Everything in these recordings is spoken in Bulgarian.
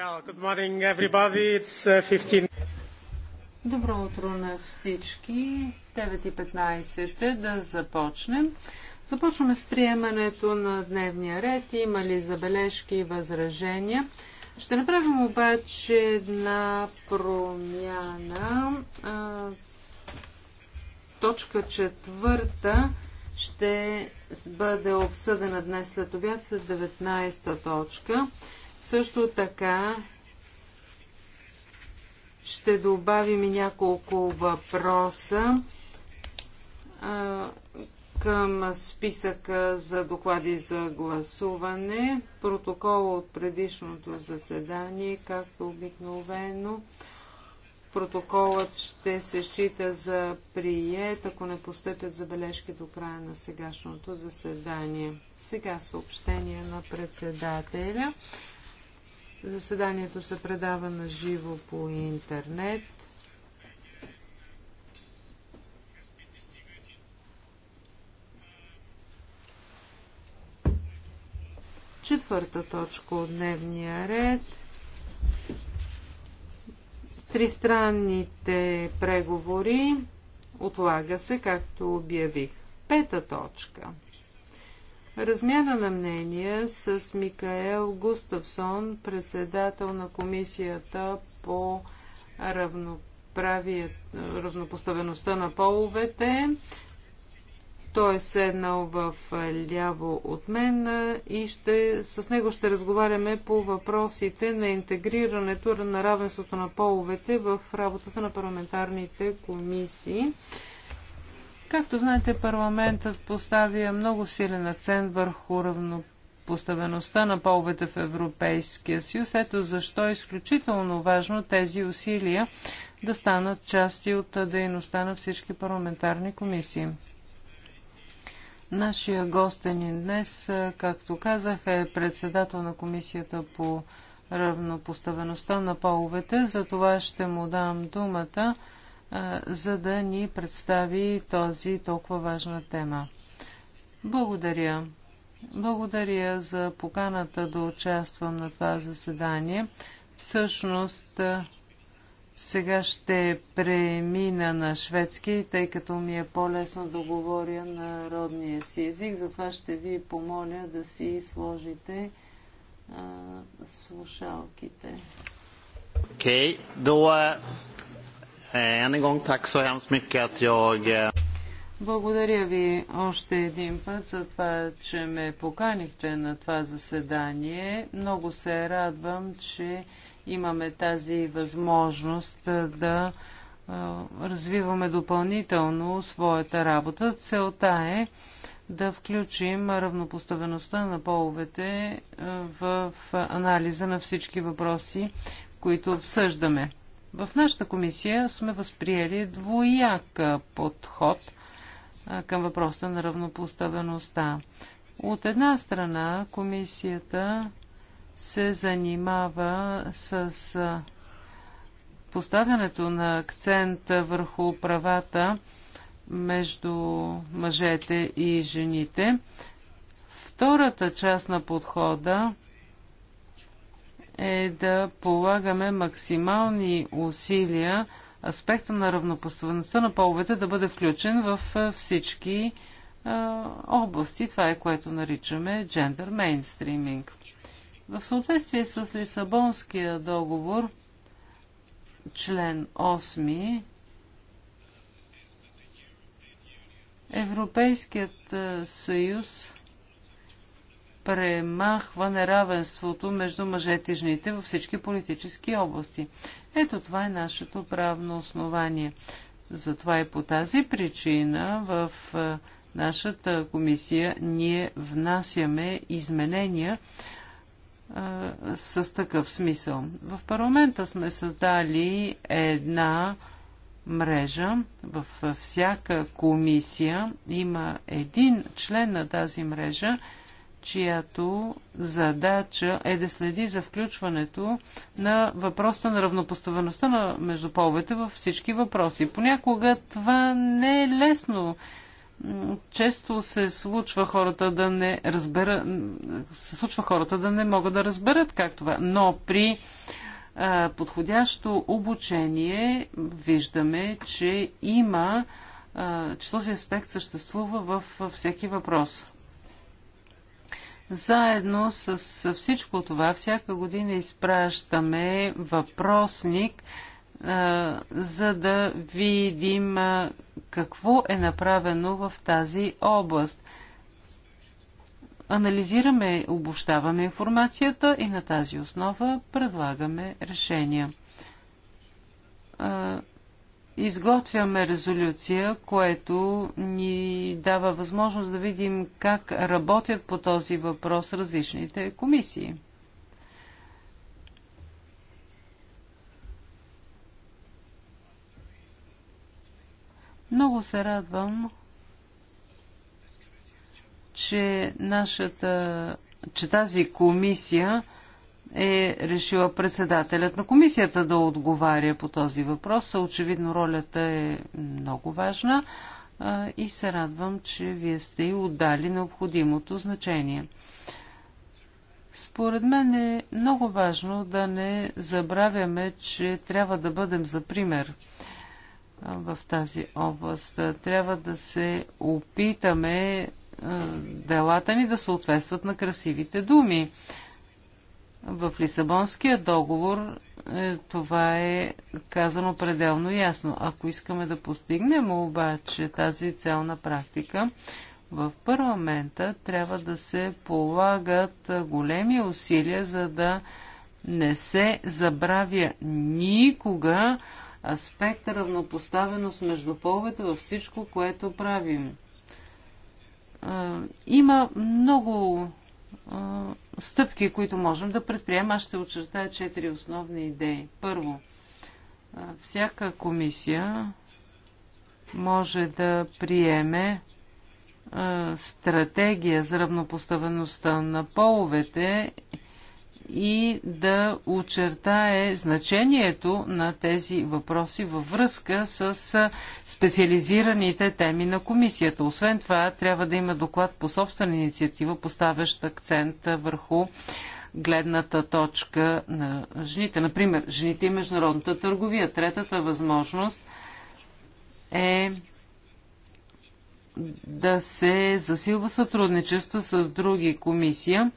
Uh, Добро утро на всички. 9.15 е да започнем. Започваме с приемането на дневния ред. Има ли забележки и възражения? Ще направим обаче една промяна. А, точка четвърта ще бъде обсъдена днес след обяд с 19 точка. Също така ще добавим и няколко въпроса а, към списъка за доклади за гласуване. Протокола от предишното заседание, както обикновено. Протоколът ще се счита за прият, ако не постъпят забележки до края на сегашното заседание. Сега съобщение на председателя. Заседанието се предава на живо по интернет. Четвърта точка от дневния ред. Тристранните преговори отлага се, както обявих. Пета точка – Размяна на мнение с Микаел Густавсон, председател на комисията по равнопоставеността на половете. Той е седнал в ляво от мен и ще, с него ще разговаряме по въпросите на интегрирането на равенството на половете в работата на парламентарните комисии. Както знаете, парламентът поставя много силен акцент върху равнопоставеността на половете в Европейския съюз. Ето защо е изключително важно тези усилия да станат части от дейността на всички парламентарни комисии. Нашия и днес, както казах, е председател на комисията по равнопоставеността на половете. За това ще му дам думата за да ни представи този толкова важна тема. Благодаря. Благодаря за поканата да участвам на това заседание. Всъщност, сега ще премина на шведски, тъй като ми е по-лесно да говоря на родния си език. Затова ще ви помоля да си сложите а, слушалките. Окей, okay. Eh, än en gång tack så hemskt mycket att jag... Eh, Благодаря ви още един път за това, че ме поканихте на това заседание. Много се радвам, че имаме тази възможност е, да е, развиваме допълнително своята работа. Целта е да включим равнопоставеността на половете е, в анализа на всички въпроси, които обсъждаме. В нашата комисия сме възприели двояк подход към въпроса на равнопоставеността. От една страна, комисията се занимава с поставянето на акцент върху правата между мъжете и жените. Втората част на подхода е да полагаме максимални усилия аспекта на равнопоставеността на половете да бъде включен в е, всички а, е, области. Това е което наричаме джендър мейнстриминг. В съответствие с Лисабонския договор, член 8, Европейският е, съюз премахва неравенството между мъжете и жените във всички политически области. Ето това е нашето правно основание. Затова и по тази причина в е, нашата комисия ние внасяме изменения а, е, с такъв смисъл. В парламента сме създали една мрежа. Във всяка комисия има един член на тази мрежа, чиято задача е да следи за включването на въпроса на равнопоставеността на междуполовете във всички въпроси. Понякога това не е лесно. Често се случва хората да не разбера, се случва хората да не могат да разберат как това. Но при а, подходящо обучение виждаме, че има, а, че този аспект съществува във всеки въпрос. Заедно с всичко това, всяка година изпращаме въпросник, е, за да видим е, какво е направено в тази област. Анализираме, обобщаваме информацията и на тази основа предлагаме решения. Е, изготвяме резолюция, което ни дава възможност да видим как работят по този въпрос различните комисии. Много се радвам, че нашата, че тази комисия е решила председателят на комисията да отговаря по този въпрос. Очевидно ролята е много важна и се радвам, че вие сте и отдали необходимото значение. Според мен е много важно да не забравяме, че трябва да бъдем за пример в тази област. Трябва да се опитаме делата ни да съответстват на красивите думи. В Лисабонския договор е, това е казано пределно ясно. Ако искаме да постигнем обаче тази цел на практика, в парламента трябва да се полагат големи усилия, за да не се забравя никога аспект равнопоставеност между половете във всичко, което правим. Е, има много стъпки, които можем да предприемем. Аз ще очертая четири основни идеи. Първо, всяка комисия може да приеме стратегия за равнопоставеността на половете и да очертае значението на тези въпроси във връзка с специализираните теми на комисията. Освен това, трябва да има доклад по собствена инициатива, поставящ акцент върху гледната точка на жените. Например, жените и международната търговия. Третата възможност е да се засилва сътрудничество с други комисия,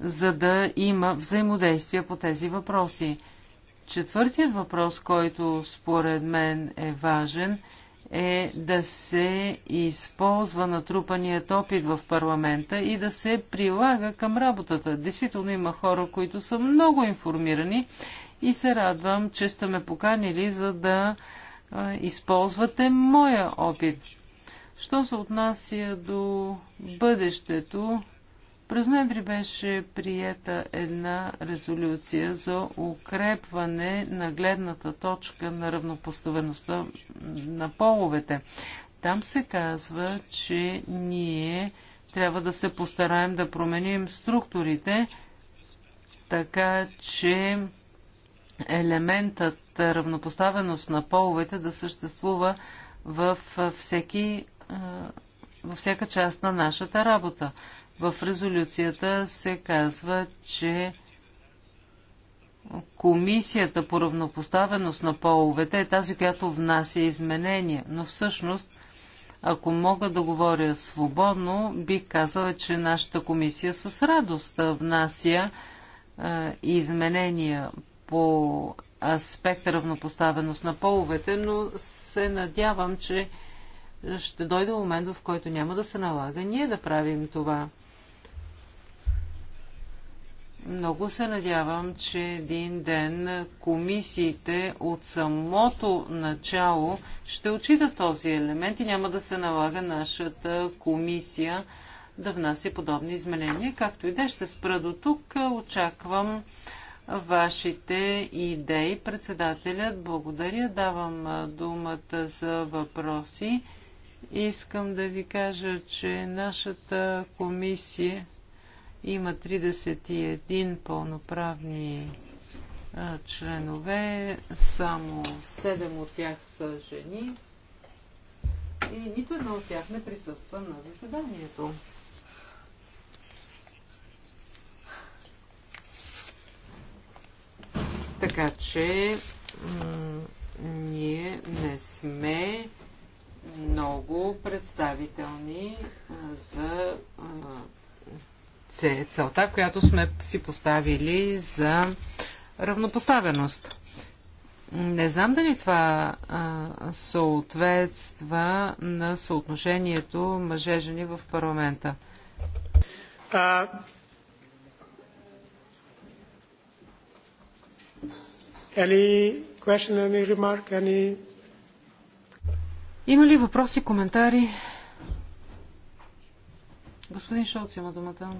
за да има взаимодействие по тези въпроси. Четвъртият въпрос, който според мен е важен, е да се използва натрупаният опит в парламента и да се прилага към работата. Действително има хора, които са много информирани и се радвам, че сте ме поканили, за да а, използвате моя опит. Що се отнася до бъдещето, през ноември беше приета една резолюция за укрепване на гледната точка на равнопоставеността на половете. Там се казва, че ние трябва да се постараем да променим структурите, така че елементът равнопоставеност на половете да съществува във, всеки, във всяка част на нашата работа. В резолюцията се казва, че Комисията по равнопоставеност на половете е тази, която внася изменения, но всъщност, ако мога да говоря свободно, бих казала, че нашата комисия с радост внася е, изменения по аспект равнопоставеност на половете, но се надявам, че ще дойде момент, в който няма да се налага ние да правим това. Много се надявам, че един ден комисиите от самото начало ще очита този елемент и няма да се налага нашата комисия да внася подобни изменения. Както и да е, ще спра до тук. Очаквам вашите идеи. Председателят, благодаря. Давам думата за въпроси. Искам да ви кажа, че нашата комисия има 31 пълноправни а, членове, само 7 от тях са жени и нито едно от тях не присъства на заседанието. Така че ние не сме много представителни а, за а, е целта, която сме си поставили за равнопоставеност. Не знам дали това а, съответства на съотношението мъже-жени в парламента. А... Any question, any remark, any... Има ли въпроси, коментари? Господин Шолц има думата.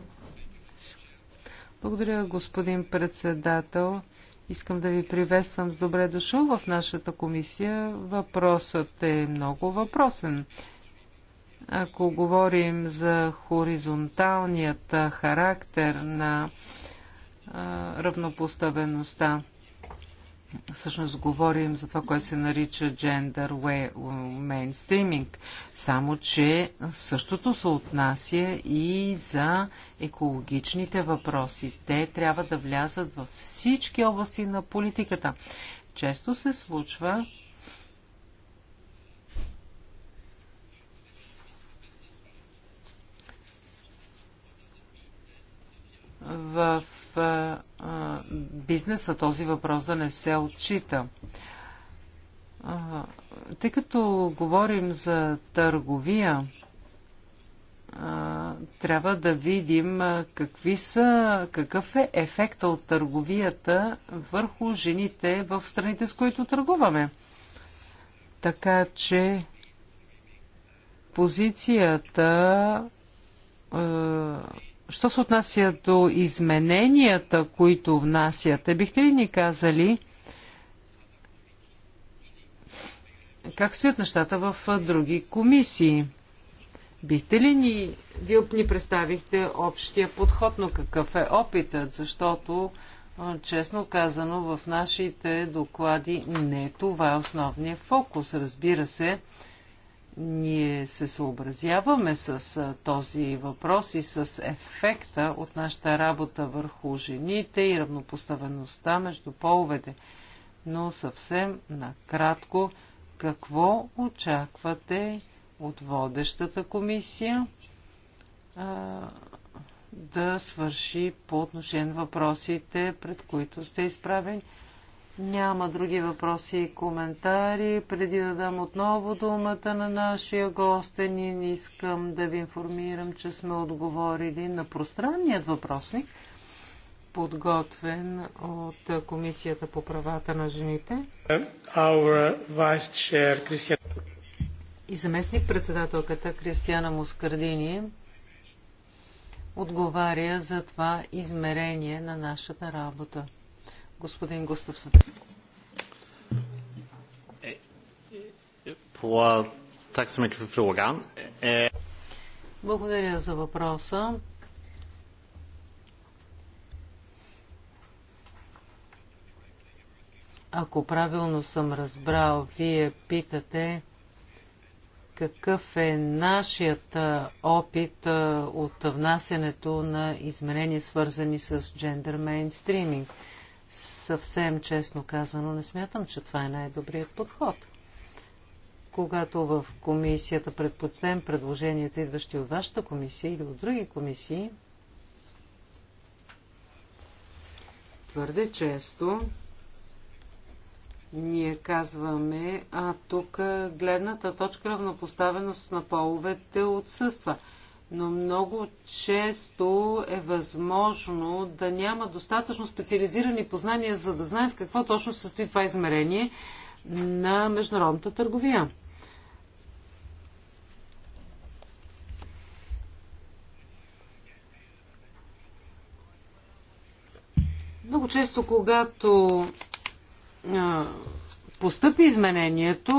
Благодаря, господин председател. Искам да ви приветствам с добре дошъл в нашата комисия. Въпросът е много въпросен. Ако говорим за хоризонталният характер на а, равнопоставеността, всъщност говорим за това, което се нарича gender way, mainstreaming, само че същото се отнася и за екологичните въпроси. Те трябва да влязат във всички области на политиката. Често се случва в бизнеса този въпрос да не се отчита. тъй като говорим за търговия, трябва да видим какви са, какъв е ефекта от търговията върху жените в страните, с които търгуваме. Така че позицията Що се отнася до измененията, които внасяте, бихте ли ни казали как стоят нещата в други комисии? Бихте ли ни, вие ни представихте общия подход, но какъв е опитът, защото честно казано в нашите доклади не това е основният фокус. Разбира се, ние се съобразяваме с този въпрос и с ефекта от нашата работа върху жените и равнопоставеността между половете. Но съвсем накратко, какво очаквате от водещата комисия а, да свърши по отношение на въпросите, пред които сте изправени? Няма други въпроси и коментари. Преди да дам отново думата на нашия гостенин, искам да ви информирам, че сме отговорили на пространният въпросник, подготвен от Комисията по правата на жените. И заместник председателката Кристияна Москардини отговаря за това измерение на нашата работа господин Густавсън. Е е, Благодаря за въпроса. Ако правилно съм разбрал, вие питате какъв е нашият опит от внасянето на изменения, свързани с джендър мейнстриминг – съвсем честно казано, не смятам, че това е най-добрият подход. Когато в комисията предпочтем предложенията, идващи от вашата комисия или от други комисии, твърде често ние казваме, а тук гледната точка равнопоставеност на половете отсъства – но много често е възможно да няма достатъчно специализирани познания, за да знаем в какво точно се състои това измерение на международната търговия. Много често, когато а, постъпи изменението,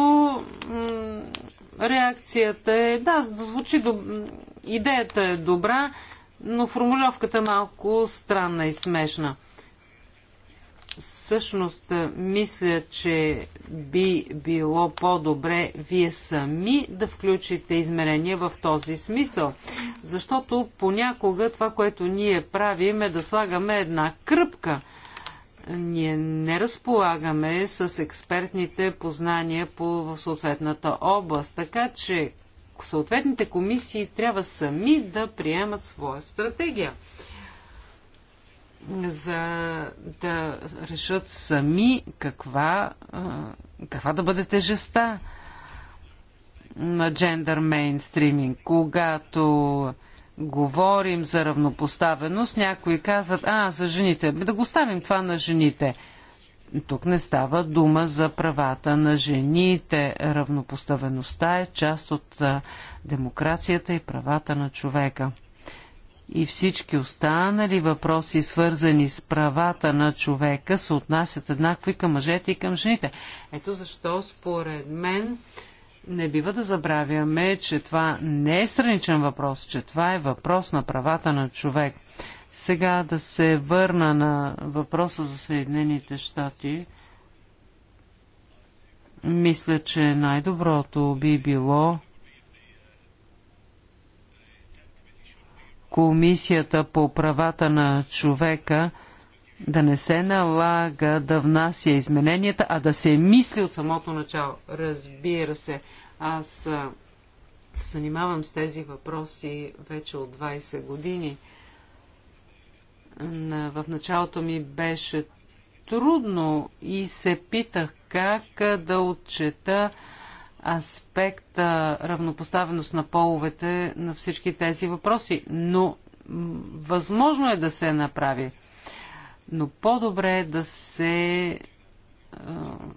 реакцията е да, звучи до, идеята е добра, но формулировката е малко странна и смешна. Всъщност, е, мисля, че би било по-добре вие сами да включите измерения в този смисъл. Защото понякога това, което ние правим е да слагаме една кръпка. Ние не разполагаме с експертните познания по, в съответната област. Така че съответните комисии трябва сами да приемат своя стратегия за да решат сами каква, каква да бъде тежеста на джендър мейнстриминг. Когато говорим за равнопоставеност, някои казват, а, за жените, да го ставим това на жените – тук не става дума за правата на жените. Равнопоставеността е част от демокрацията и правата на човека. И всички останали въпроси, свързани с правата на човека, се отнасят еднакво и към мъжете и към жените. Ето защо, според мен, не бива да забравяме, че това не е страничен въпрос, че това е въпрос на правата на човек. Сега да се върна на въпроса за Съединените щати. Мисля, че най-доброто би било Комисията по правата на човека да не се налага да внася измененията, а да се мисли от самото начало. Разбира се, аз се занимавам с тези въпроси вече от 20 години – в началото ми беше трудно и се питах как да отчета аспекта равнопоставеност на половете на всички тези въпроси. Но възможно е да се направи. Но по-добре е да се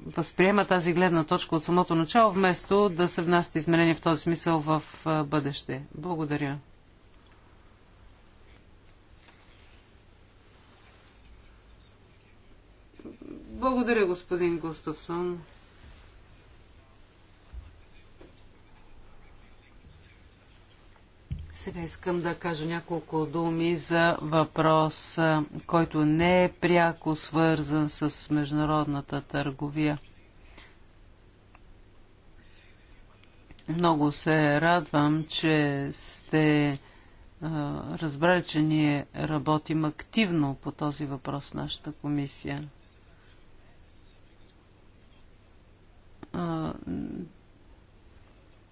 възприема тази гледна точка от самото начало, вместо да се внасят изменения в този смисъл в бъдеще. Благодаря. Благодаря, господин Густавсон. Сега искам да кажа няколко думи за въпрос, който не е пряко свързан с международната търговия. Много се радвам, че сте разбрали, че ние работим активно по този въпрос в нашата комисия.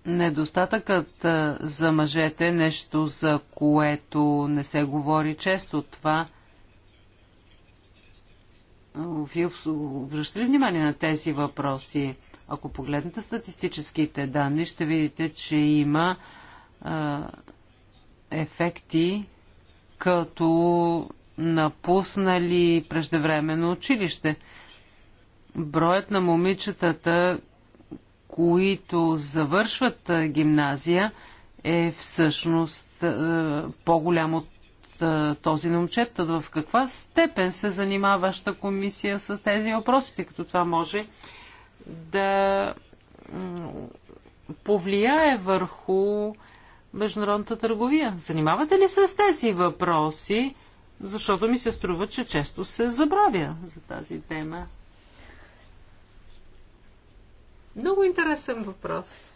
недостатъкът за мъжете е нещо, за което не се говори често. Това вие обръщате ли внимание на тези въпроси? Ако погледнете статистическите данни, ще видите, че има а, ефекти като напуснали преждевременно училище. Броят на момичетата, които завършват гимназия, е всъщност по-голям от този на момчета. В каква степен се занимава вашата комисия с тези въпроси, тъй като това може да повлияе върху международната търговия? Занимавате ли се с тези въпроси? Защото ми се струва, че често се забравя за тази тема. Много интересен въпрос.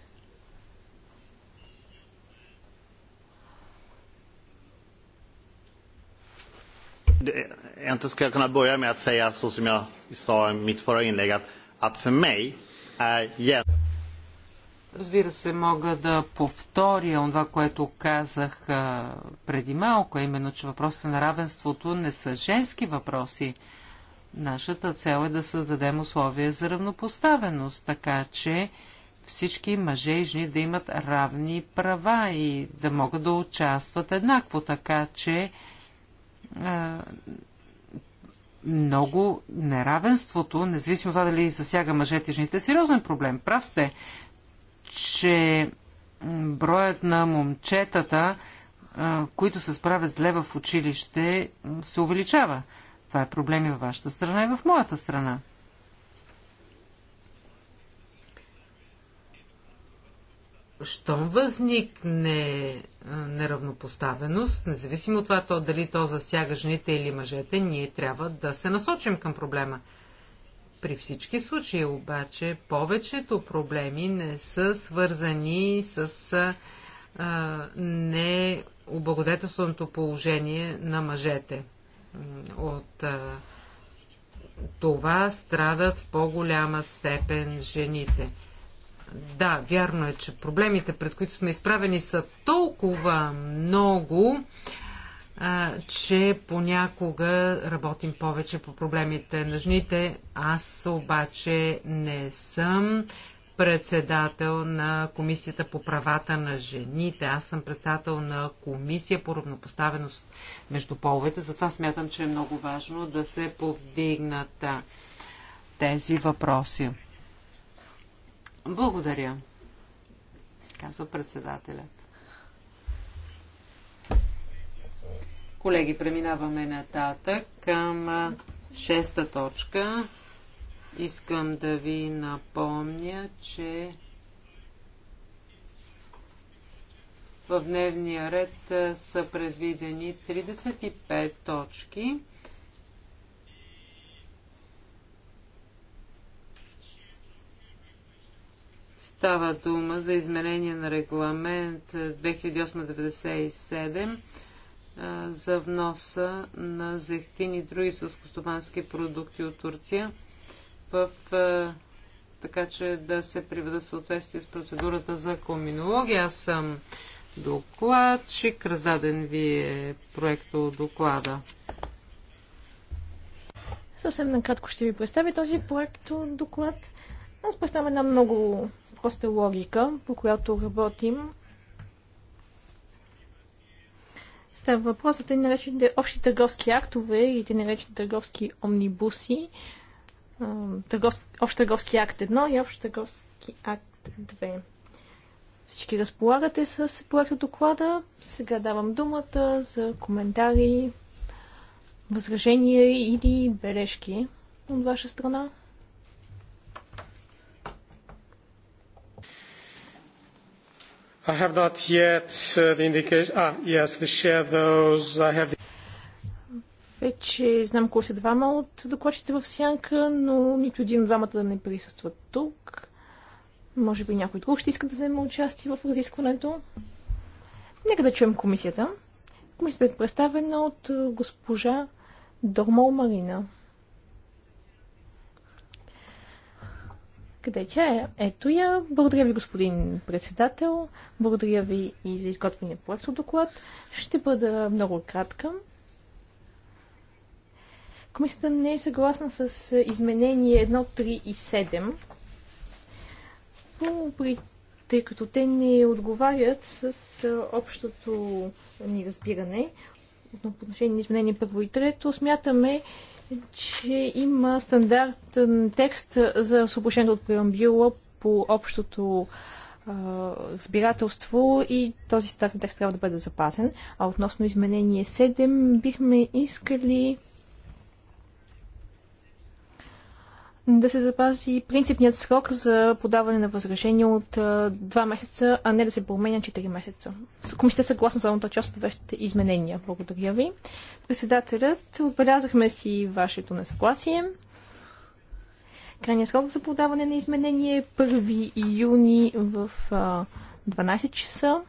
Egentligen skulle jag kunna börja med att säga så som jag sa i mitt förra inlägg att, att för mig är hjälp... Разбира се, мога да повторя това, което казах преди малко, именно, че въпросите на равенството не са женски въпроси. Нашата цел е да създадем условия за равнопоставеност, така че всички мъже и жени да имат равни права и да могат да участват еднакво, така че а, много неравенството, независимо това дали засяга мъжете и жените, е сериозен проблем. Прав сте, че броят на момчетата, които се справят зле в училище, се увеличава. Това е проблем и във вашата страна и в моята страна. щом възникне неравнопоставеност, независимо от това то, дали то засяга жените или мъжете, ние трябва да се насочим към проблема. При всички случаи обаче повечето проблеми не са свързани с а, необлагодетелственото положение на мъжете от а, това страдат в по-голяма степен жените. Да, вярно е, че проблемите, пред които сме изправени, са толкова много, а, че понякога работим повече по проблемите на жените. Аз обаче не съм председател на Комисията по правата на жените. Аз съм председател на Комисия по равнопоставеност между половете. Затова смятам, че е много важно да се повдигнат тези въпроси. Благодаря, казва председателят. Колеги, преминаваме нататък към шеста точка. Искам да ви напомня, че в дневния ред са предвидени 35 точки. Става дума за изменение на регламент 2897 за вноса на зехтини и други сълскостопански продукти от Турция – в, е, така че да се приведа съответствие с процедурата за коминология. Аз съм докладчик. Раздаден ви е проекто доклада. Съвсем накратко ще ви представя този проект доклад. Аз представям една много проста логика, по която работим. Става въпросът и наречените общи търговски актове или те наречени търговски омнибуси, търгов... общ търговски акт 1 и общ търговски акт 2. Всички разполагате с проекта доклада. Сега давам думата за коментари, възражения или бележки от ваша страна. I have not yet uh, the indication. Ah, yes, the those. I have е, че знам кой са двама от докладчите в сянка, но нито един от двамата да не присъства тук. Може би някой друг ще иска да вземе участие в разискването. Нека да чуем комисията. Комисията е представена от е, госпожа Дормол Марина. Къде тя е? Ето я. Благодаря ви, господин председател. Благодаря ви и за изготвения проект от доклад. Ще бъда много кратка. Комисията не е съгласна с е, изменение 1, 3 и 7, по, тъй като те не отговарят с е, общото ни разбиране. Но по отношение на изменение 1 и 3 смятаме, че има стандартен текст за освобождението от преамбюла по общото е, разбирателство и този стандартен текст трябва да бъде запазен. А относно изменение 7 бихме искали да се запази принципният срок за подаване на възражение от 2 месеца, а не да се променя 4 месеца. Комисията е съгласна за едната част от вашите изменения. Благодаря ви. Председателят, отбелязахме си вашето несъгласие. Крайният срок за подаване на изменение е 1 юни в 12 часа.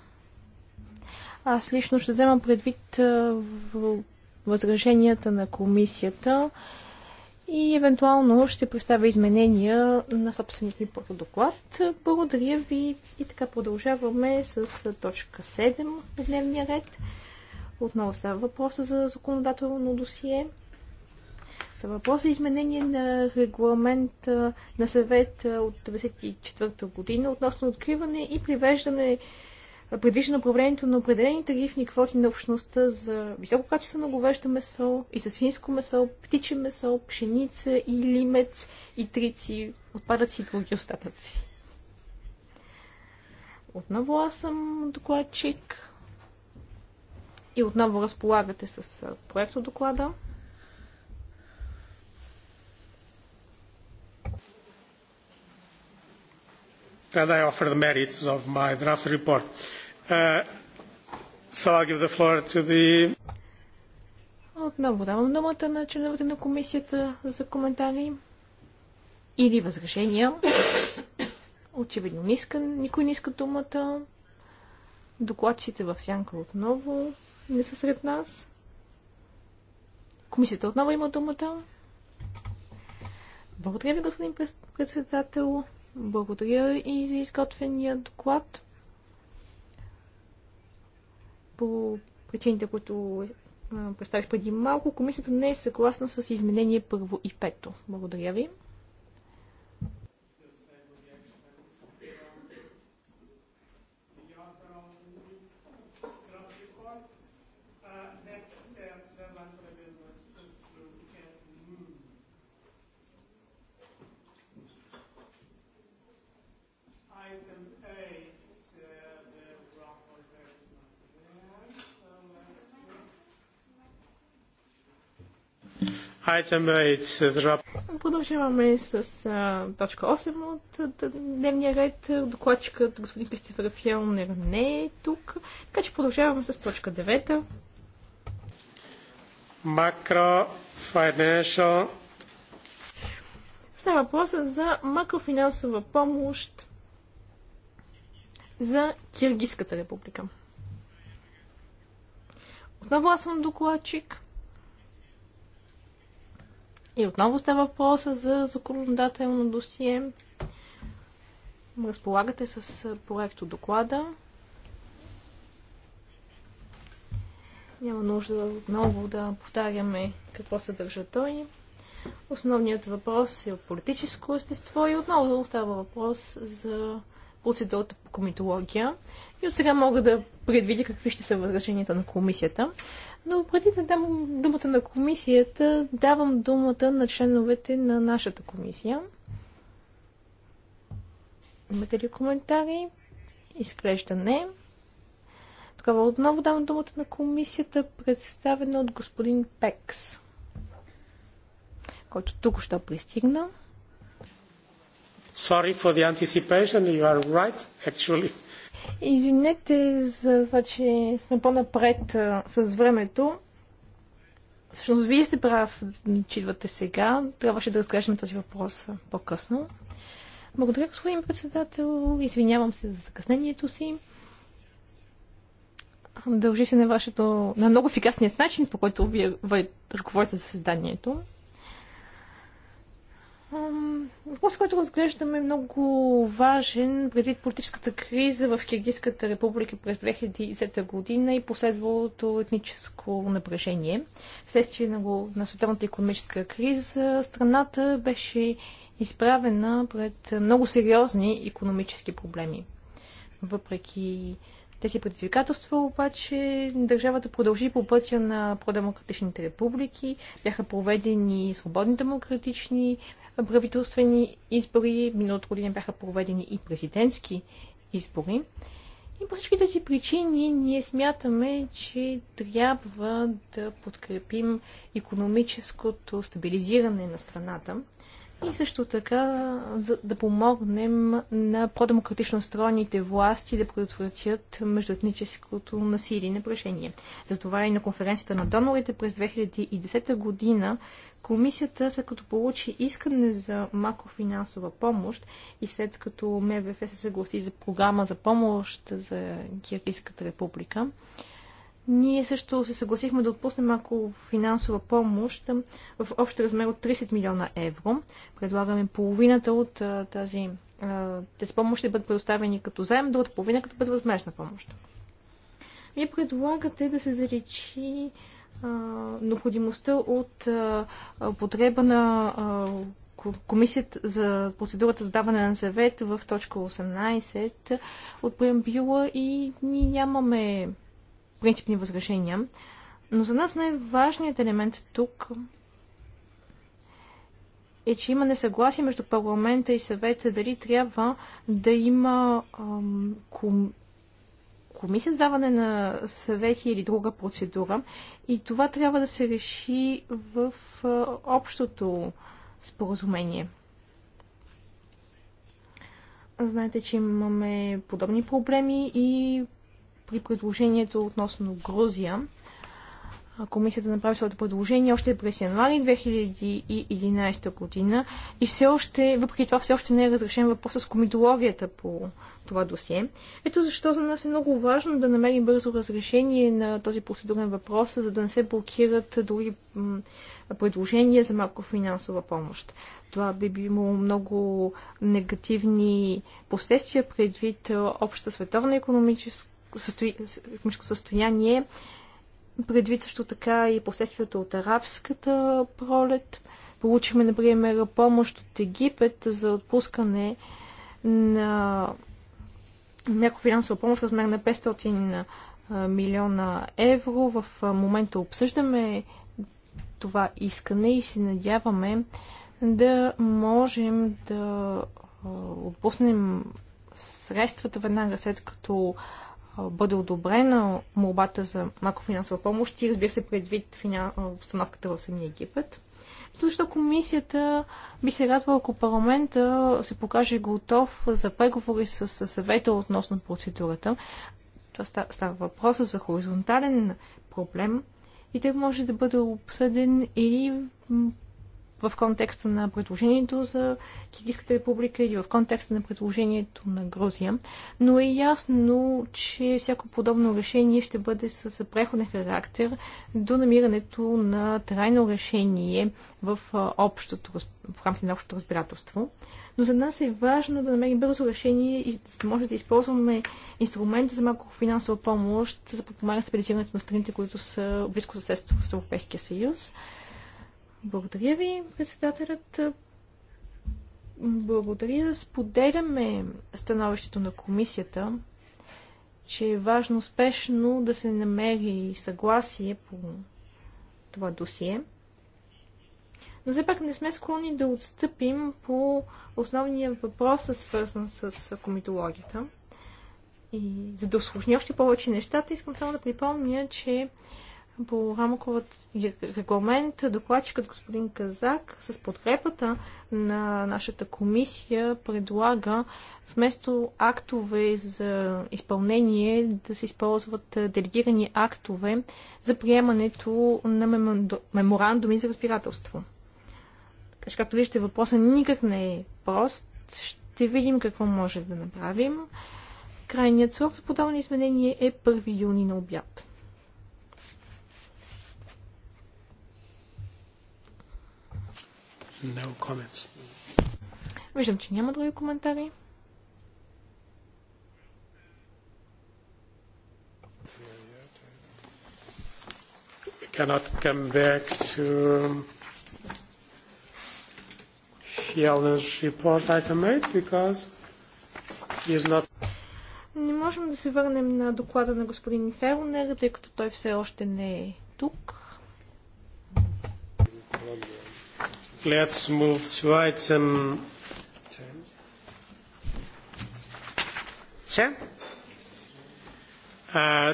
Аз лично ще взема предвид възраженията на комисията и евентуално ще представя изменения на собственият ми протодоклад. Благодаря ви и така продължаваме с точка 7 от дневния ред. Отново става въпроса за законодателно досие. Става въпрос за изменение на регламент на съвет от 1994 година относно откриване и привеждане предвижда направлението на определени тарифни квоти на общността за висококачествено говеждо месо и за свинско месо, птиче месо, пшеница и лимец, и трици, отпадъци и други остатъци. Отново аз съм докладчик и отново разполагате с проекто доклада. and I offer the merits of my draft report. Uh, so I'll give the floor to the... Отново давам думата на членовете на комисията за коментари или възражения. Очевидно не иска, никой не иска думата. Докладчите в сянка отново не са сред нас. Комисията отново има думата. Благодаря ви, господин председател. Благодаря и за изготвения доклад. По причините, които представих преди малко, комисията не е съгласна с изменение първо и пето. Благодаря ви. Продължаваме с а, точка 8 от дневния ред. Докладчикът господин Кристофер Фелнер не е тук, така че продължаваме с точка 9. Макро financial Става въпрос за макрофинансова помощ за Киргизската република. Отново аз съм докладчик. И отново става въпроса за законодателно досие. Разполагате с проекто доклада. Няма нужда отново да повтаряме какво съдържа той. Основният въпрос е от политическо естество и отново остава въпрос за процедурата по комитология. И от сега мога да предвидя какви ще са възраженията на комисията. Но преди да дам думата на комисията, давам думата на членовете на нашата комисия. Имате ли коментари? Изглежда не. Тогава отново давам думата на комисията, представена от господин Пекс, който тук ще пристигна. Sorry for the anticipation, you are right, actually. Извинете за това, че сме по-напред с времето. Всъщност, вие сте прав, че идвате сега. Трябваше да разкажем този въпрос по-късно. Благодаря, господин председател. Извинявам се за закъснението си. Дължи се на вашето, на много ефикасният начин, по който вие ръководите заседанието. Въпрос, който разглеждаме е много важен предвид политическата криза в Киргизската република през 2010 година и последвалото етническо напрежение. Вследствие на, на световната економическа криза страната беше изправена пред много сериозни економически проблеми. Въпреки тези предизвикателства обаче държавата продължи по пътя на продемократичните републики. Бяха проведени свободни демократични правителствени избори, миналото година бяха проведени и президентски избори. И по всички тези причини ние смятаме, че трябва да подкрепим економическото стабилизиране на страната и също така за да помогнем на по-демократично настроените власти да предотвратят междуетническото насилие и напрежение. Затова и на конференцията на донорите през 2010 година комисията, след като получи искане за макрофинансова помощ и след като МВФ се съгласи за програма за помощ за Киргизската република, ние също се съгласихме да отпуснем малко финансова помощ в общ размер от 30 милиона евро. Предлагаме половината от тази тези помощи да бъдат предоставени като заем, другата половина като безвъзмежна помощ. Вие предлагате да се заречи а, необходимостта от а, потреба на а, комисията за процедурата за даване на съвет в точка 18 от преамбила и ние нямаме принципни възражения. Но за нас най-важният елемент тук е, че има несъгласие между парламента и съвета дали трябва да има ам, ком... комисия за даване на съвети или друга процедура. И това трябва да се реши в а, общото споразумение. Знаете, че имаме подобни проблеми и при предложението относно Грузия. Комисията направи своето предложение още през януари 2011 година и все още, въпреки това все още не е разрешен въпросът с комитологията по това досие. Ето защо за нас е много важно да намерим бързо разрешение на този процедурен въпрос, за да не се блокират други предложения за финансова помощ. Това би било много негативни последствия предвид обща световна економическа състои... състояние, предвид също така и последствията от арабската пролет. Получихме, например, помощ от Египет за отпускане на някаква финансова помощ в размер на 500 милиона евро. В момента обсъждаме това искане и се надяваме да можем да отпуснем средствата веднага след като бъде одобрена молбата за макрофинансова помощ и разбира се предвид обстановката в самия Египет. Ето защо комисията би се радвала, ако парламента се покаже готов за преговори с съвета относно процедурата. Това става въпроса за хоризонтален проблем и той може да бъде обсъден или в контекста на предложението за Киргизската република или в контекста на предложението на Грузия, но е ясно, че всяко подобно решение ще бъде с преходен характер до намирането на трайно решение в, общото, в рамките на общото разбирателство. Но за нас е важно да намерим бързо решение и да може да използваме инструмента за финансова помощ за подпомагане стабилизирането на страните, които са близко съседство с Европейския съюз. Благодаря ви, председателят. Благодаря. Споделяме становището на комисията, че е важно спешно да се намери съгласие по това досие. Но все пак не сме склонни да отстъпим по основния въпрос, свързан с комитологията. И за да осложня още повече нещата, искам само да припомня, че по рамковът регламент, докладчикът господин Казак с подкрепата на нашата комисия предлага вместо актове за изпълнение да се използват делегирани актове за приемането на меморандуми за разбирателство. Така че, както виждате, въпросът никак не е прост. Ще видим какво може да направим. Крайният срок за подаване изменение е 1 юни на обяд. No comments. Виждам, че няма други коментари. cannot come back to report item 8 because he is not не можем да се върнем на доклада на господин Фелнер, тъй като той все още не е тук. Колумбия. Let's move to item 10. Sir? Uh,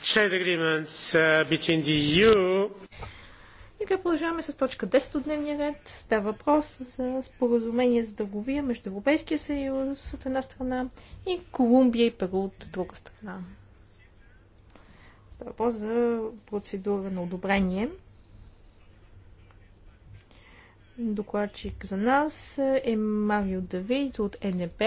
trade agreements uh, between the EU сега продължаваме с точка 10 от дневния ред. Става въпрос за споразумение за дълговия между Европейския съюз от една страна и Колумбия и Перу от друга страна. Става въпрос за процедура на одобрение. Докладчик за нас е Марио Давид от НП.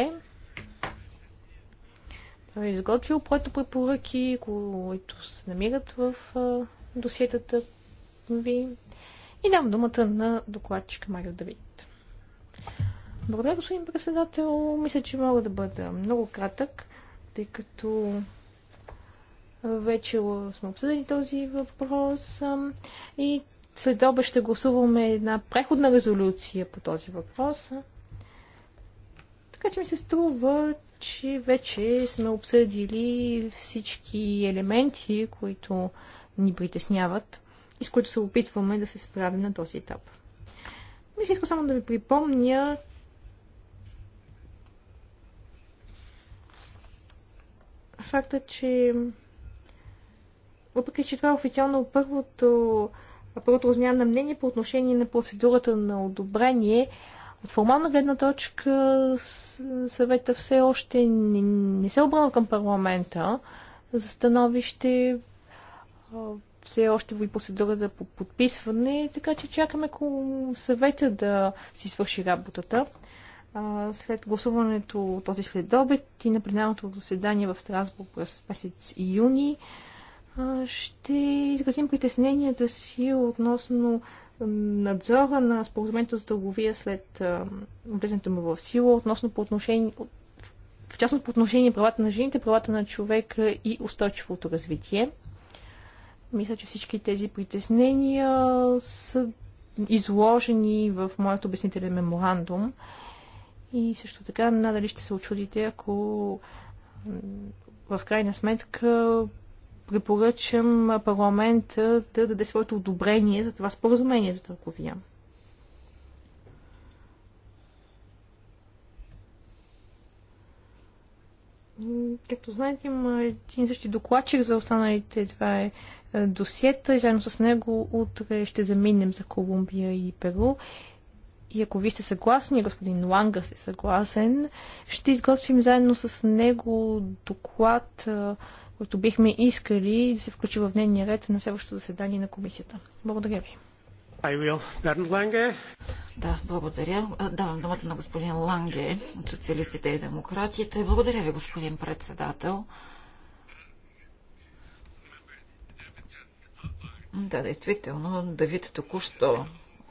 Той е изготвил проекто препоръки, които се намират в досиетата ви. И дам думата на докладчик Марио Давид. Благодаря, господин председател. Мисля, че мога да бъда много кратък, тъй като вече сме обсъдили този въпрос и след оба ще гласуваме една преходна резолюция по този въпрос. Така че ми се струва, че вече сме обсъдили всички елементи, които ни притесняват и с които се опитваме да се справим на този етап. Мисля, искам само да ви припомня, факта, че въпреки, че това е официално първото първото размяна на мнение по отношение на процедурата на одобрение. От формална гледна точка съвета все още не, не се е обърна към парламента за становище. Все още ви процедурата по подписване, така че чакаме съвета да си свърши работата. След гласуването този следобед и на пленарното заседание в Страсбург през месец юни ще изразим притесненията си относно надзора на споразумението за търговия след влизането му в сила, относно по отношение, в частност по отношение правата на жените, правата на човека и устойчивото развитие. Мисля, че всички тези притеснения са изложени в моят обяснителен меморандум. И също така, надали ще се очудите, ако в крайна сметка препоръчам парламента да даде своето одобрение за това споразумение за търговия. Както знаете, има един същи докладчик за останалите два е, е досиета и заедно с него утре ще заминем за Колумбия и Перу. И ако ви сте съгласни, господин Ланга се съгласен, ще изготвим заедно с него доклад е, които бихме искали да се включи в дневния ред на следващото заседание на комисията. Благодаря ви. Да, благодаря. Давам думата на господин Ланге от Социалистите и Демократите. Благодаря ви, господин председател. Да, действително, Давид току-що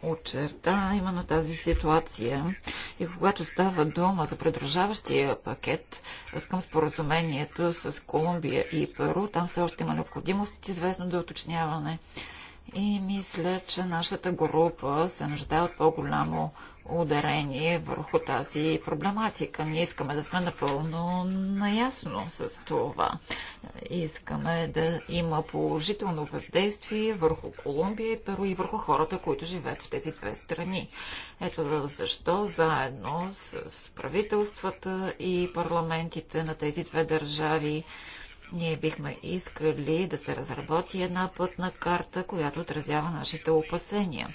очерта именно тази ситуация. И когато става дума за придружаващия пакет към споразумението с Колумбия и Перу, там все още има необходимост от известно да уточняване. И мисля, че нашата група се нуждае от по-голямо ударение върху тази проблематика. Ние искаме да сме напълно наясно с това. Искаме да има положително въздействие върху Колумбия и Перу и върху хората, които живеят в тези две страни. Ето защо заедно с правителствата и парламентите на тези две държави ние бихме искали да се разработи една пътна карта, която отразява нашите опасения.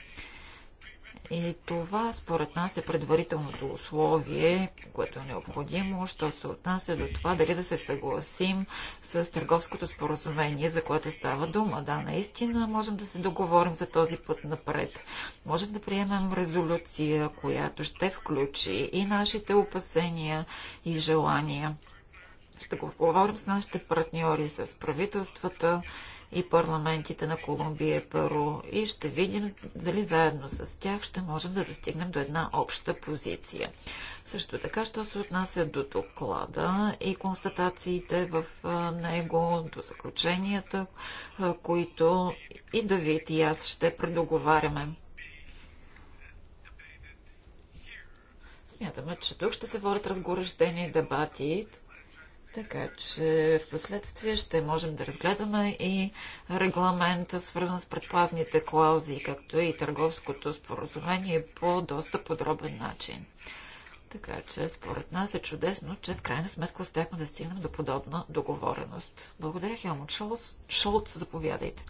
И това, според нас, е предварителното условие, което е необходимо, що се отнася до това дали да се съгласим с търговското споразумение, за което става дума. Да, наистина можем да се договорим за този път напред. Можем да приемем резолюция, която ще включи и нашите опасения и желания. Ще го говорим с нашите партньори, с правителствата и парламентите на Колумбия и Перу и ще видим дали заедно с тях ще можем да достигнем до една обща позиция. Също така, що се отнася до доклада и констатациите в него, до заключенията, които и Давид и аз ще предоговаряме. Смятаме, че тук ще се водят разгорещени дебати, така че в последствие ще можем да разгледаме и регламента, свързан с предпазните клаузи, както и търговското споразумение по доста подробен начин. Така че според нас е чудесно, че в крайна сметка успяхме да стигнем до подобна договореност. Благодаря, Хелмут Шолц. Шолц, заповядайте.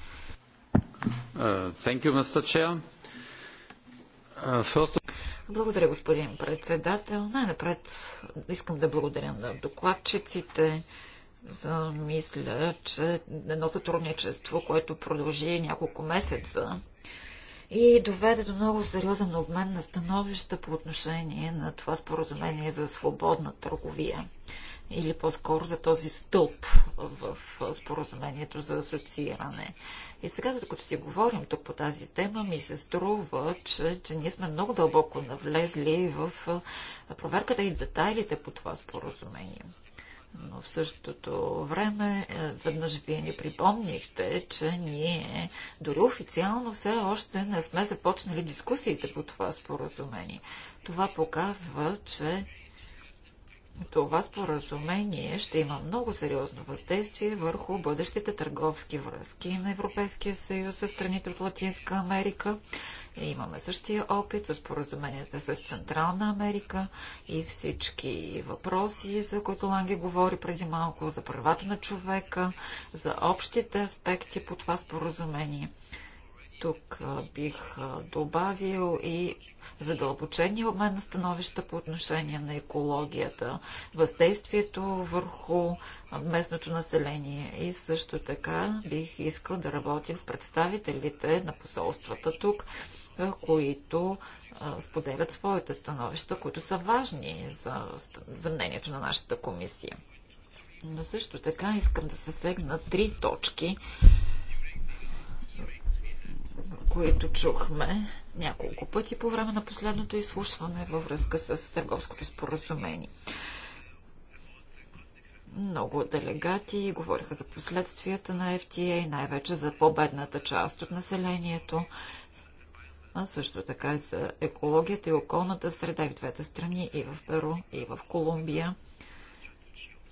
Uh, you, uh, first... Благодаря, господин председател. Най-напред искам да благодаря на докладчиците. За, мисля, че едно сътрудничество, което продължи няколко месеца и доведе до много сериозен обмен на становища по отношение на това споразумение за свободна търговия или по-скоро за този стълб в споразумението за асоцииране. И сега, докато си говорим тук по тази тема, ми се струва, че, че ние сме много дълбоко навлезли в проверката и детайлите по това споразумение. Но в същото време, е, веднъж вие ни припомнихте, че ние дори официално все още не сме започнали дискусиите по това споразумение. Това показва, че това споразумение ще има много сериозно въздействие върху бъдещите търговски връзки на Европейския съюз с страните от Латинска Америка. И имаме същия опит с споразуменията с Централна Америка и всички въпроси, за които Ланге говори преди малко, за правата на човека, за общите аспекти по това споразумение. Тук бих добавил и задълбочения обмен на становища по отношение на екологията, въздействието върху местното население и също така бих искал да работим с представителите на посолствата тук, които споделят своите становища, които са важни за, за мнението на нашата комисия. Но също така искам да се сегна три точки, които чухме няколко пъти по време на последното изслушване във връзка с търговското споразумение. Много делегати говориха за последствията на FTA, най-вече за по-бедната част от населението, а също така и за екологията и околната среда и в двете страни, и в Перу, и в Колумбия.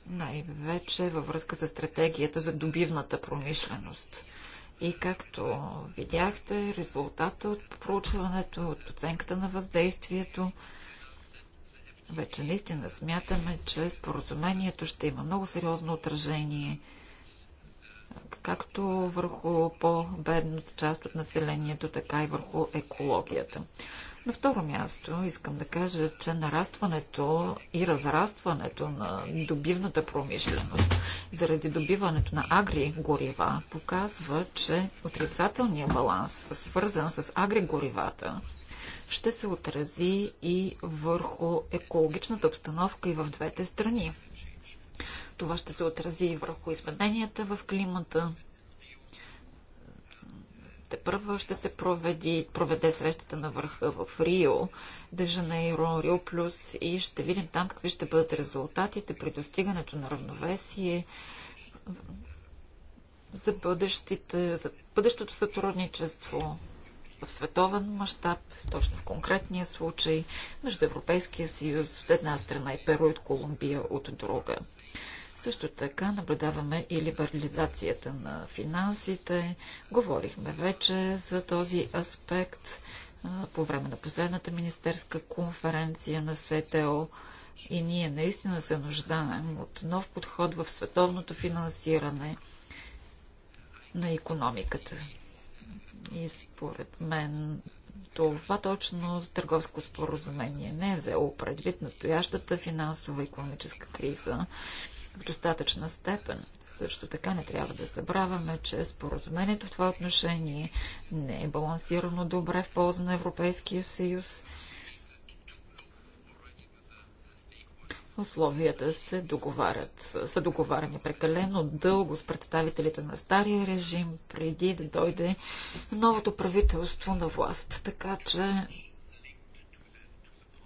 Най-вече във връзка с стратегията за добивната промишленост – и както видяхте, резултата от проучването, от оценката на въздействието, вече наистина смятаме, че споразумението ще има много сериозно отражение както върху по-бедната част от населението, така и върху екологията. На второ място искам да кажа, че нарастването и разрастването на добивната промишленост заради добиването на агри горива показва, че отрицателният баланс, свързан с агри горивата, ще се отрази и върху екологичната обстановка и в двете страни. Това ще се отрази и върху измененията в климата, те първо ще се проведи, проведе срещата на върха в Рио, и Жанейро, Рио Плюс и ще видим там какви ще бъдат резултатите при достигането на равновесие за, бъдещите, за бъдещото сътрудничество в световен мащаб, точно в конкретния случай, между Европейския съюз от една страна и Перу и Колумбия от друга. Също така наблюдаваме и либерализацията на финансите. Говорихме вече за този аспект по време на последната министерска конференция на СТО. И ние наистина се нуждаем от нов подход в световното финансиране на економиката. И според мен това точно търговско споразумение не е взело предвид настоящата финансова и економическа криза в достатъчна степен. Също така не трябва да забравяме, че споразумението в това отношение не е балансирано добре в полза на Европейския съюз. Условията се договарят, са договаряни прекалено дълго с представителите на стария режим, преди да дойде новото правителство на власт. Така че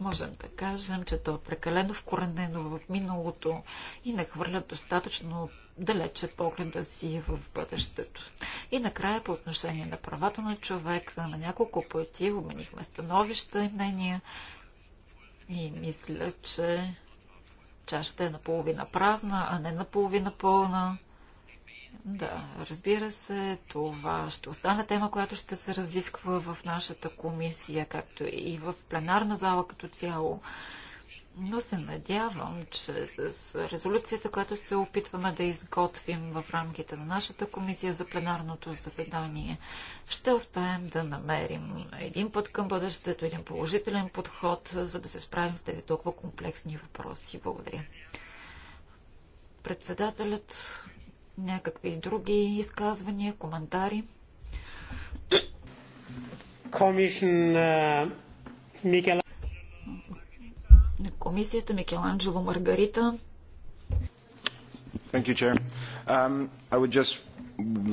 можем да кажем, че то е прекалено вкоренено в миналото и не хвърля достатъчно далече погледа си в бъдещето. И накрая по отношение на правата на човека, на няколко пъти обменихме становища и мнения и мисля, че чашата е наполовина празна, а не наполовина пълна. Да, разбира се, това ще остане тема, която ще се разисква в нашата комисия, както и в пленарна зала като цяло. Но се надявам, че с резолюцията, която се опитваме да изготвим в рамките на нашата комисия за пленарното заседание, ще успеем да намерим един път към бъдещето, един положителен подход, за да се справим с тези толкова комплексни въпроси. Благодаря. Председателят Някакви други изказвания, коментари? Uh, Комисията Микеланджело Маргарита. Thank you, Chair. Um, I would just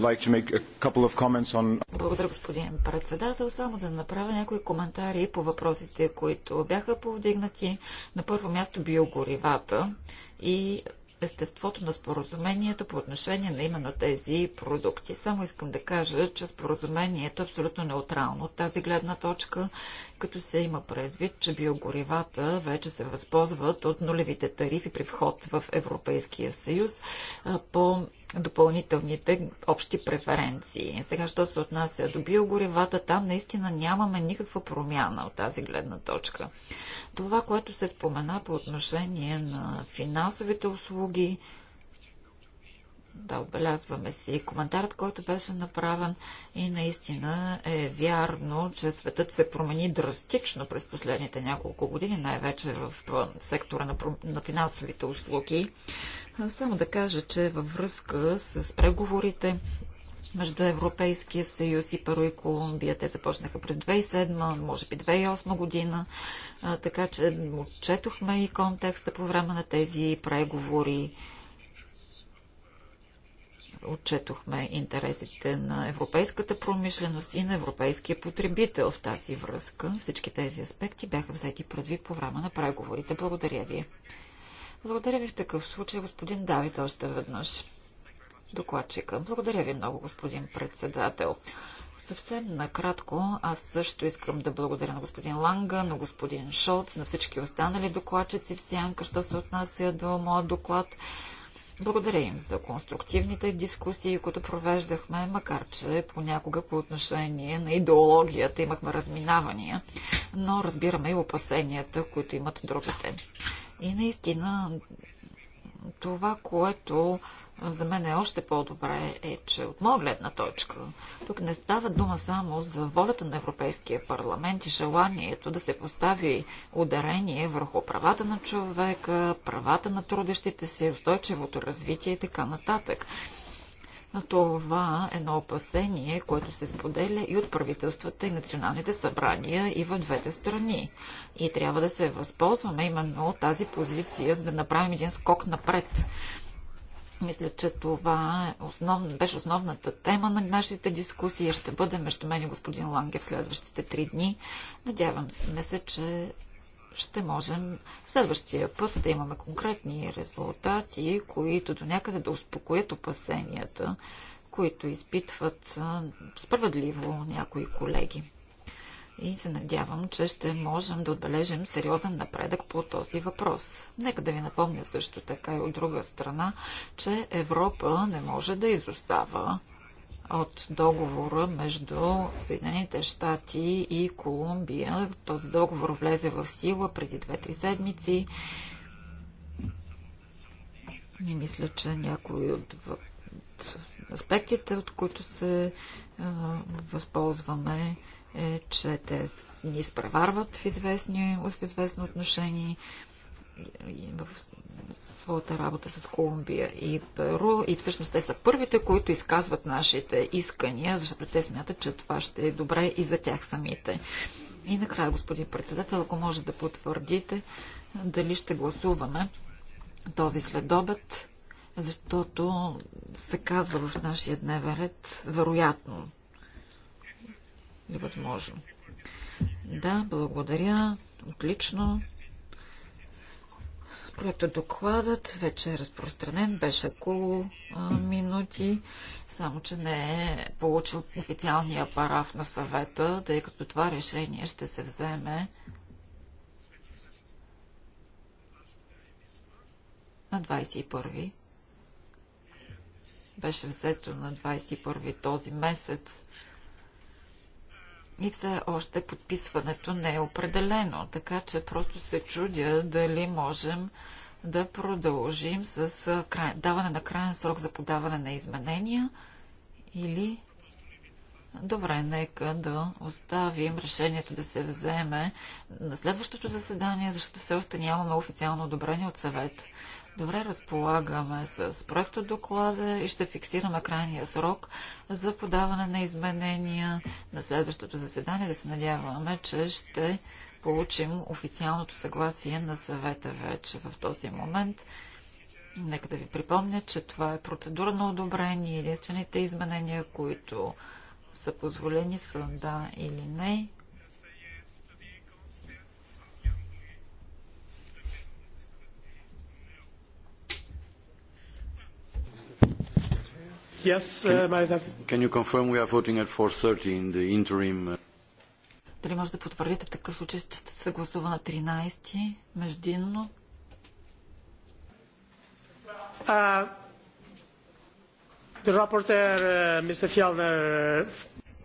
like to make a couple of comments on... Благодаря, господин председател. Само да направя някои коментари по въпросите, които бяха повдигнати. На първо място биогоривата и естеството на споразумението по отношение на именно тези продукти. Само искам да кажа, че споразумението е абсолютно неутрално от тази гледна точка, като се има предвид, че биогоривата вече се възползват от нулевите тарифи при вход в Европейския съюз по допълнителните общи преференции. Сега, що се отнася до биогоривата, там наистина нямаме никаква промяна от тази гледна точка. Това, което се спомена по отношение на финансовите услуги, да, отбелязваме си коментарът, който беше направен и наистина е вярно, че светът се промени драстично през последните няколко години, най-вече в сектора на, на финансовите услуги. Само да кажа, че във връзка с преговорите между Европейския съюз и Перу и Колумбия. Те започнаха през 2007, може би 2008 година, а, така че отчетохме и контекста по време на тези преговори. Отчетохме интересите на европейската промишленост и на европейския потребител в тази връзка. Всички тези аспекти бяха взети предвид по време на преговорите. Благодаря ви. Благодаря ви в такъв случай, господин Давид, още веднъж. Докладчика. Благодаря ви много, господин председател. Съвсем накратко, аз също искам да благодаря на господин Ланга, на господин Шолц, на всички останали докладчици в Сянка, що се отнася до моят доклад. Благодаря им за конструктивните дискусии, които провеждахме, макар че понякога по отношение на идеологията имахме разминавания, но разбираме и опасенията, които имат другите. И наистина това, което за мен е още по-добре е, че от моя гледна точка, тук не става дума само за волята на Европейския парламент и желанието да се постави ударение върху правата на човека, правата на трудещите се, устойчивото развитие и така нататък. Това е едно опасение, което се споделя и от правителствата и националните събрания и в двете страни. И трябва да се възползваме именно от тази позиция, за да направим един скок напред. Мисля, че това е основ... беше основната тема на нашите дискусии. Ще бъде между мен и господин Ланге в следващите три дни. Надявам се, че ще можем следващия път да имаме конкретни резултати, които до някъде да успокоят опасенията, които изпитват справедливо някои колеги. И се надявам, че ще можем да отбележим сериозен напредък по този въпрос. Нека да ви напомня също така и от друга страна, че Европа не може да изостава от договора между Съединените щати и Колумбия. Този договор влезе в сила преди 2-3 седмици. И мисля, че някои от аспектите, от които се а, възползваме, е, че те ни изпреварват в, в известно отношение. И в своята работа с Колумбия и Перу и всъщност те са първите, които изказват нашите искания, защото те смятат, че това ще е добре и за тях самите. И накрая, господин председател, ако може да потвърдите дали ще гласуваме този следобед, защото се казва в нашия дневен ред, вероятно и възможно. Да, благодаря. Отлично. Проектът докладът вече е разпространен, беше около а, минути, само че не е получил официалния параф на съвета, тъй като това решение ще се вземе на 21 беше взето на 21 този месец. И все още подписването не е определено, така че просто се чудя дали можем да продължим с край, даване на крайен срок за подаване на изменения или Добре, нека да оставим решението да се вземе на следващото заседание, защото все още нямаме официално одобрение от съвет. Добре разполагаме с проекто доклада и ще фиксираме крайния срок за подаване на изменения на следващото заседание. Да се надяваме, че ще получим официалното съгласие на съвета вече в този момент. Нека да ви припомня, че това е процедура на одобрение. Единствените изменения, които са позволени са да или не. yes, uh, can you confirm we are voting at 4.30 in the interim? Uh? Дали може да потвърдите в такъв случай, че се гласува на 13 междинно? Uh, the rapporteur, Mr. Fjellner.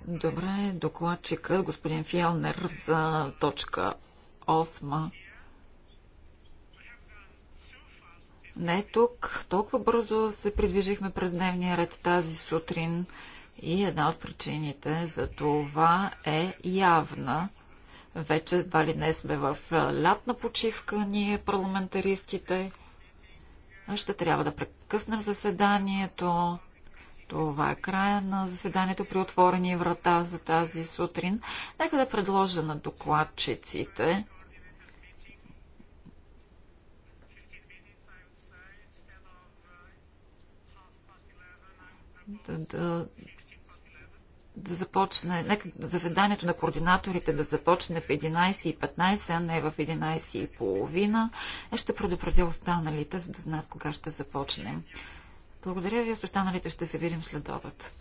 Добре, докладчика господин Фиалнер за точка 8 не тук. Толкова бързо се придвижихме през дневния ред тази сутрин и една от причините за това е явна. Вече едва ли не сме в лятна почивка, ние парламентаристите. Ще трябва да прекъснем заседанието. Това е края на заседанието при отворени врата за тази сутрин. Нека да предложа на докладчиците да, да, да започне, нека заседанието на координаторите да започне в 11.15, а не в 11.30. Е, ще предупредя останалите, за да знаят кога ще започнем. Благодаря ви, останалите ще се видим след обед.